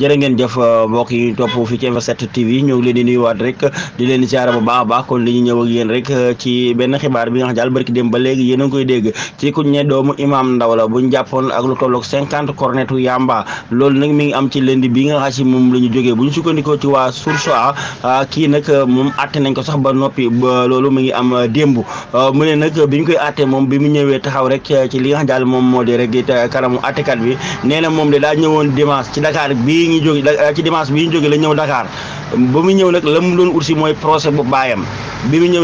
jërë ngeen jëf euh, mbokk yi topp fi ci M7 TV ñoo ngi leen di nuyuwaat rek di leen ziar bu baax a baax kon rek euh, ci benn xibaar bi nga xam daal dem ba léegi yéen a koy dégg ci kuñ doomu imam ndaw la buñ jàppoon ak ci lënd bi euh, ko sax ba noppi loolu mi ngi am démb mu ne nag bi ñu koy àtte moom bi mu ñëwee taxaw rek ci li nga xam moom moo di rek kanamu àttekat bi nee moom de daa ñëwoon dimanche ci Dakar bii bii ñu jóge ci dimanche bii ñu jóge la ñëw Dakar ba mu ñëw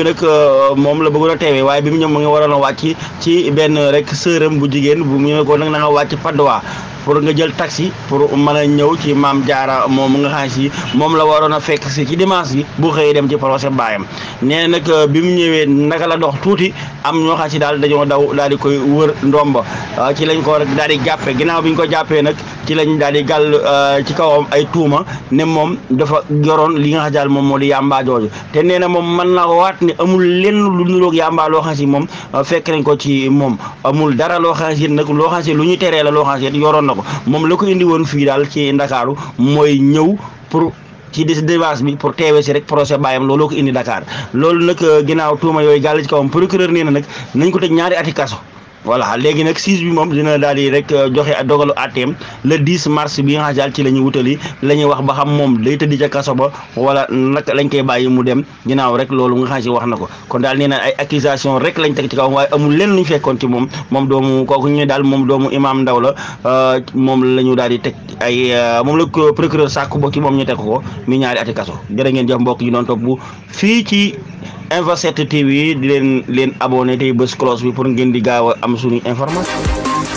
nag euh, moom la bëggoon a teewee waaye bi mu ñëw mu nga waroon a wàcc ci benn rek sëram bu jigéen bu mu ñëwee nag na nga wàcc Padoa pour nga jël taxi pour a ci maam jaara moom nga xam si moom la a fekk si ci dimanche bi bu xëyee dem ci procès baayam nee nag bi mu ñëwee naka la dox tuuti am ñoo xam si daal dañoo daw daal di koy wër ndomba ci lañ ko rek daal di jàppee ginnaaw bi ñu ko jàppee nag ci lañ daal gàll euh, ci ci kawam ay tuuma ne moom dafa yoroon li nga xam daal moom moo di yàmbaa jooju te nee na moom mën naa waat ne amul lenn lu nuroog yàmbaa loo xam si moom euh, fekk nañ ko ci moom amul dara loo xam si nag loo xam lu ñu teree la loo xam yoroon na ko moom la ko indi woon fii daal ci Ndakaaru mooy ñëw pour ci débat bi pour teewee si rek procès bàyyam looloo ko indi Dakar loolu nag euh, ginnaaw tuuma yooyu gàll ci kawam procureur nee na nag nañ ko tëj ñaari voilà léegi nag 6 bi moom dina daal di rek euh, joxe dogalu àtteem le 10 mars bi nga xam ci la ñuy wutali la ñuy wax ba xam moom day tëddi ca kaso ba wala nag lañ koy bàyyi mu dem ginnaaw rek loolu nga xam si wax na ko kon daal nee na ay accusation rek lañ teg ci kaw waaye amul leen lu ñu fekkoon ci moom moom doomu kooku ñu ne daal moom doomu imaam ndaw la euh, moom la ñu daal di teg ay euh, moom la ko procureur sàkku ba ci moom ñu teg ko mi ñaari ati kaso jërë mbokk yi doon topp fii Info 7 TV di leen leen abonné tey bés cloche pour ngeen di gaaw a am suñu information